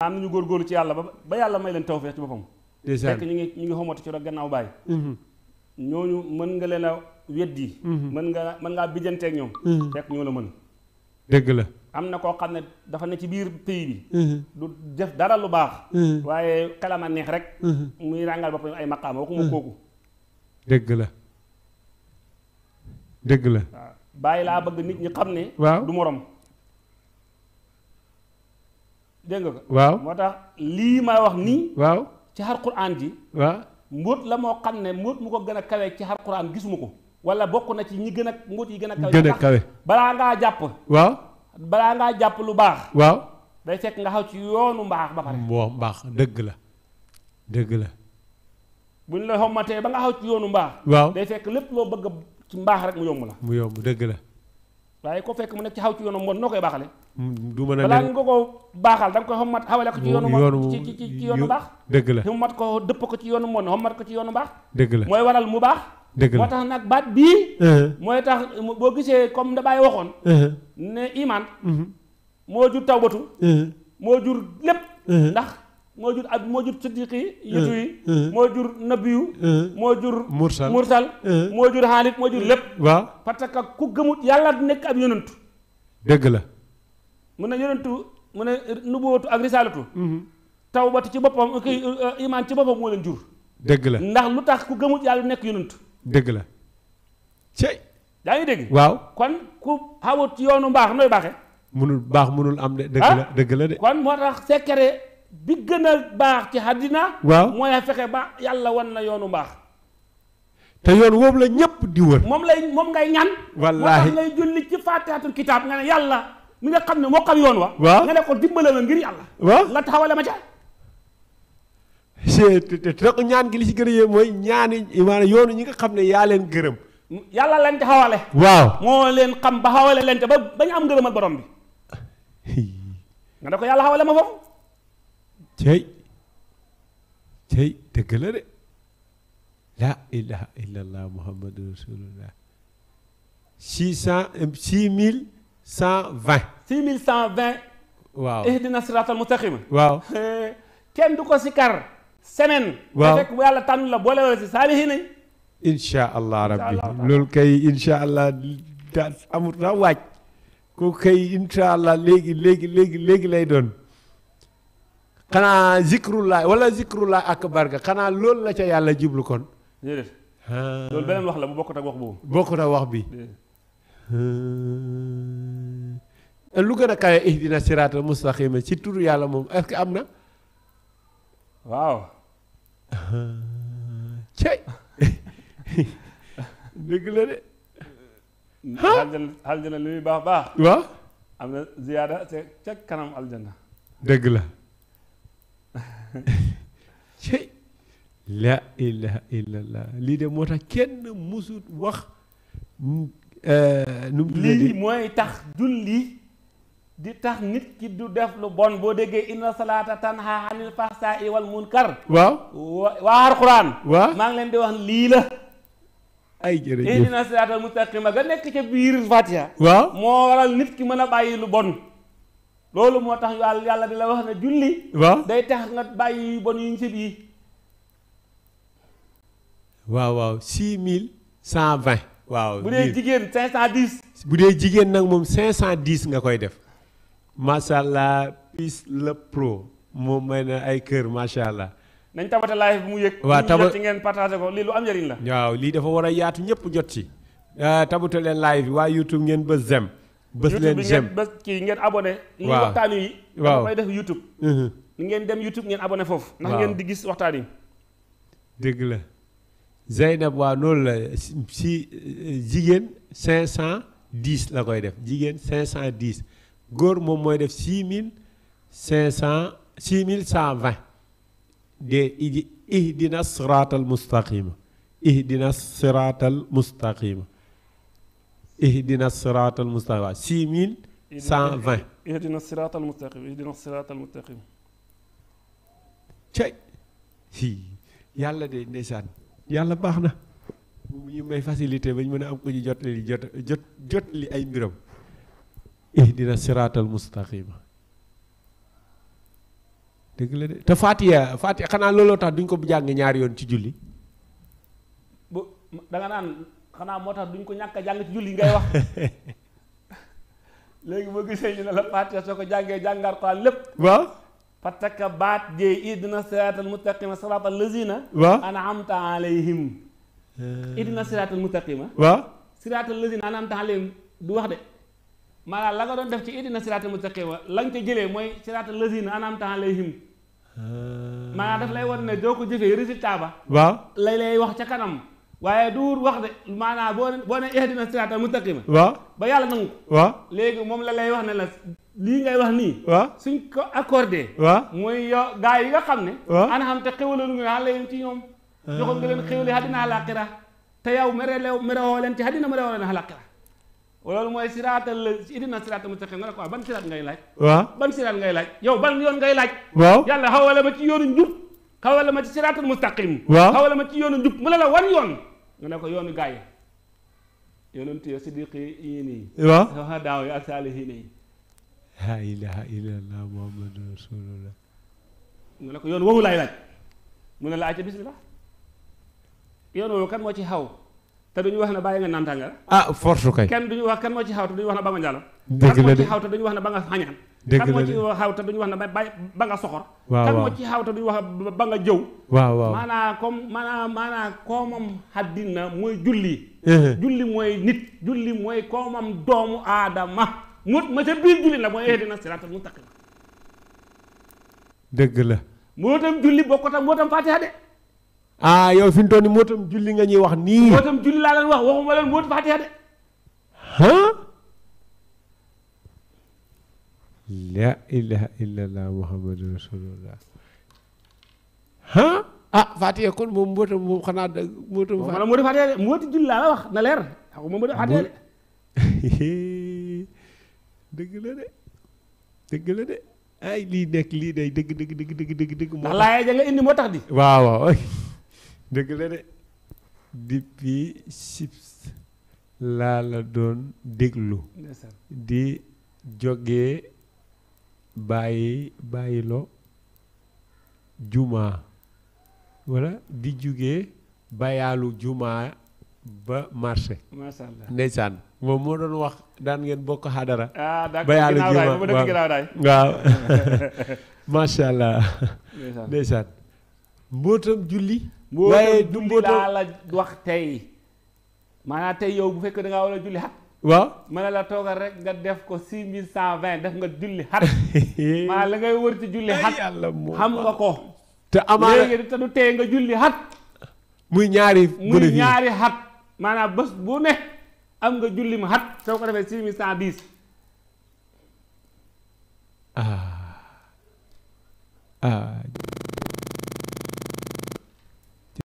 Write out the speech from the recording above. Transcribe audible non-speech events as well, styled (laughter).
am nañu góorgóorlu ci yàlla ba ba yàlla may leen tawfeex ci boppam fekk ñu ngi ñu ngi xomatu ci rek gannaaw bàyyi mm-hmm. ñooñu mën nga leen a weddi mm-hmm. mën nga mën ngaa bijjanteek ñoom mm-hmm. fekk ñoo la mën dëgg la am na koo xam ne dafa ne ci biir pays bi du def dara lu baax waaye kalama neex rek muy ràngal boppam ay maqaama waxuma kooku dëgg la dëgg la waaw bàyyi laa bëgg nit ñi xam ne du morom dégg nga ko waaw moo tax lii ma wax nii. waaw ci xar quraan ji. waaw mbóot la moo xam ne mbóot mu ko gën a kawe ci xar quraan gisuma ko. wala bokk na ci ñi gën a mbóot yi gën a. gën a kawe balaa ngaa jàpp. waaw balaa ngaa jàpp lu baax. waaw day fekk nga xaw ci yoonu mbaax ba pare. waaw mbaax dëgg la dëgg la. buñ la xommatee ba nga xaw ci yoonu mbaax. waaw day fekk lépp loo bëgg ci mbaax rek mu yomb la. mu yomb dëgg la. waaye ko fekk mu nekk ci xaw ci yoonu mbon noo koy baaxale mm, du mën a balaa nga ko baaxal da nga koy xommat xawale ko ci yoonu mbon ci ci ci yoonu baax dëgg la xommat ko dëpp ko ci yoonu mbon xommat ko ci yoonu baax dëgg la mooy waral mu baax dëgg la moo tax nag baat bii uh-huh. mooy tax boo gisee comme da bàyyi waxoon uh-huh. ne iman mm-hmm. moo jur tawbatu uh-huh. moo jur lépp ndax moo jur ab moo jur siddiqi yitu moo jur nabiyu moo jur mursal mursal moo jur xaalit moo jur lépp waaw parce que ku gëmut yàlla nekk ab yonantu dëgg la mu ne yonantu mu ne nubuwatu ak risalatu tawbatu ci boppam kii uh, uh, iman ci boppam moo jur dëgg la ndax lu tax ku gëmut yàlla nekk yonantu dëgg la cey yaa ngi dégg waaw kon ku xawut yoonu mbaax nooy baaxe munul baax munul am de dëgg ah? la dëgg la de kon moo tax sekkere bi gën a baax ci àddina waaw mooy a fexe ba yàlla wan la yoonu mbaax te yoon woowu la ñëpp di wër moom lay moom ngay ñaan wallaahi moo tax ngay julli ci faatihatul kitaab nga ne yàlla mi nga xam ne moo xam yoon wa waaw nga ne ko dimbale ma ngir yàlla waaw nga taxawale ma ca te ñaan gi li ci gën a yee mooy ñaani maanaam ñi nga xam ne yaa leen gërëm yàlla leen ca xawale waaw moo leen xam ba xawale leen ca ba bañ am ngërëmal borom bi nga ne ko yàlla xawale ma foofu tey tey dëgg la la ilaha illallah muhammadu rasulullah six cent six mille cent vingt six mille cent vingt waaw ihdina siraatal mustaqim waaw kenn du ko sikar semaine waaw fekk bu yàlla la boole wala si saalihi nañ allah rabbi loolu kay incha allah da amul sax waaj ko kay incha allah léegi léegi léegi léegi lay doon xanaa zikrullaah wala zikrullaah ak barga xanaa loolu la ca yàlla jiblu kon. loolu beneen wax la mu bokkut ak wax boobu. bokkut ak wax bi. lu gën a kawe ihdina siraatal mustaqima ci turu yàlla moom est am na. waaw. cey (laughs) dëgg la de. aljana aljana li baax baax. waaw. am na ziyaada ca kanam aljana. dëgg la. (laughs) cey la ilaha illallah lii de moo tax kenn musut wax mm, euh, nu lii mooy tax julli di tax nit ki du def lu bon boo déggee inna salaata tanha anil fahsaa'i wal munkar waaw waa alxuraan waaw maa ngi leen di wax lii la ay jërëjëf ihdina siraatal mustaqima ga nekk ca biir Fatiha waaw moo waral nit ki mën a bàyyi lu bon loolu moo tax yàlla yàlla di la wax na julli. waaw day tax nga bàyyi bon yuñ waaw waaw mille cent vingt. waaw bu dee jigéen cinq cent dix. bu dee jigéen nag moom cinq cent dix nga koy def. macha allah plus le pro moom may na ay kër macha allah. nañ tabata live bu mu yëg. waaw taba ci ngeen partagé ko lii lu am njëriñ la. waaw lii dafa war a yaatu ñëpp jot ci. Ah, tabata leen live bi waaye YouTube ngeen ba zem. bës leen jëm bës ngeen abonné li waxtaan yi waaw koy def youtube mhm. ngeen dem youtube ngeen abonné foofu ndax ngeen di gis waxtaan yi dëgg la Zeynab waaw noonu la si jigéen cinq cent dix la koy def jigéen cinq cent dix góor moom mooy def six mille cinq cent six mille cent vingt de ihdina siraatal mustaqima ihdina siraatal mustaqima ihdina siraatal mustaqim waaw six mille cent vingt ihdina siraatal mustaqim ihdina siraatal mustaqim cay yàlla de ndeysaan yàlla baax na mu ñu may facilité bañ ñu mën a am ko ñu jot li jot jot jot li ay mbiram ihdina siraatal mustaqima dégg la de te Fatiha Fatiha xanaa looloo tax duñ ko jàng ñaar yoon ci julli bu danga naan xanaa moo tax duñ ko ñàkk a jàng ci julli ngay wax (laughs) léegi boo gisee ñu ne la Faatiha soo ko jàngee jàngaat Quraan lépp waaw parce que baat jeey ihdina siraatal mustaqima siraatal lazina waaw an'amta alayhim eh. ihdina siraatal mustaqima waaw siraatal lazina an'amta du wax de maanaam la nga doon def ci ihdina siraatal mustaqima la nga jëlee mooy siraatal lazina an'amta alayhim eh. maanaam daf lay wan ne doo ko jëfee résultat lay lay wax ca kanam waaye duur wax de maanaam boo boo ne ihdina siraatal mustaqima waaw ba yàlla nangu waaw léegi moom la lay wax ne la lii ngay wax nii waaw suñ ko accordé waaw mooy yo gars yi nga xam ne ana xam te xéwaloon nga xam leen ci ñoom ah. joxoon nga leen xéwale àddina àllaaxira te yow mere lew mere woo leen ci àddina mere woo leen àllaaxira loolu mooy siraatal la na siraatal mustaqima nga ne ko waaw ban siraat ngay laaj waaw ban siraat nga laaj yow ban yoon ngay laaj waaw yàlla xawale ma ci yoonu njub xawala ma ci siraatul mustaqim waaw xawala ma ci yoonu njub mu ne la wan yoon nga ne ko yoonu gaay yonent yo siddiqi yi nii waaw yoon woowu laay laaj mu ne la acca bismillah yoon woowu kan moo ci xaw te duñu wax na bàyyi nga nantanga ah force kay kenn duñu wax kan moo ci xaw te duñu wax ne ba nga njàllo dëgg la de ci xaw te duñu wax ne ba nga xañaan dëgg la kan moo ci xaw te duñu wax ne ba nga soxor kan moo ci xaw te duñu wax ba nga jëw waaw julli julli mooy nit ma ca biir julli nag moo tam julli bokkut ak de ah yow fi mu toll nii moo tam julli nga ñuy wax nii moo tam julli laa leen wax waxuma leen moo faatiha de la ilaha illallah muhammadu rasulullah ah ah Fatiha kon moom mbootam moom xanaa da mbootam. Fatiha julli laa la wax na leer. xam nga moo di (laughs) de. dëgg la de ay lii nekk lii day dëgg dëgg dëgg dëgg dëgg dëgg. moo tax ndax laaya ja nga indi moo tax di. waaw waaw (laughs) dëgg la de depuis chips laa la doon déglu. di jógee. bàyyi bàyyiloo jumaa wala di jóge bayaalu jumaa ba marché. macha allah ndeysaan moom moo doon wax daan ngeen bokk xadara. ah d' accord bayaalu jumaa waaw (laughs) macha allah. ndeysaan mbootam julli. waaye du mbootam julli laa la wax tey maanaam tey yow bu fekkee da ngaa war julli xat waaw mën na la toogal rek nga def ko six mille cent vingt def nga julli xat (laughs) maa la ngay wër ci julli xat xam nga ko te amaana te nga julli xat muy ñaari muy ñaari xat maanaam bés bu ne am nga julli mu xat soo ko defee six mille cent dix ah. Ah,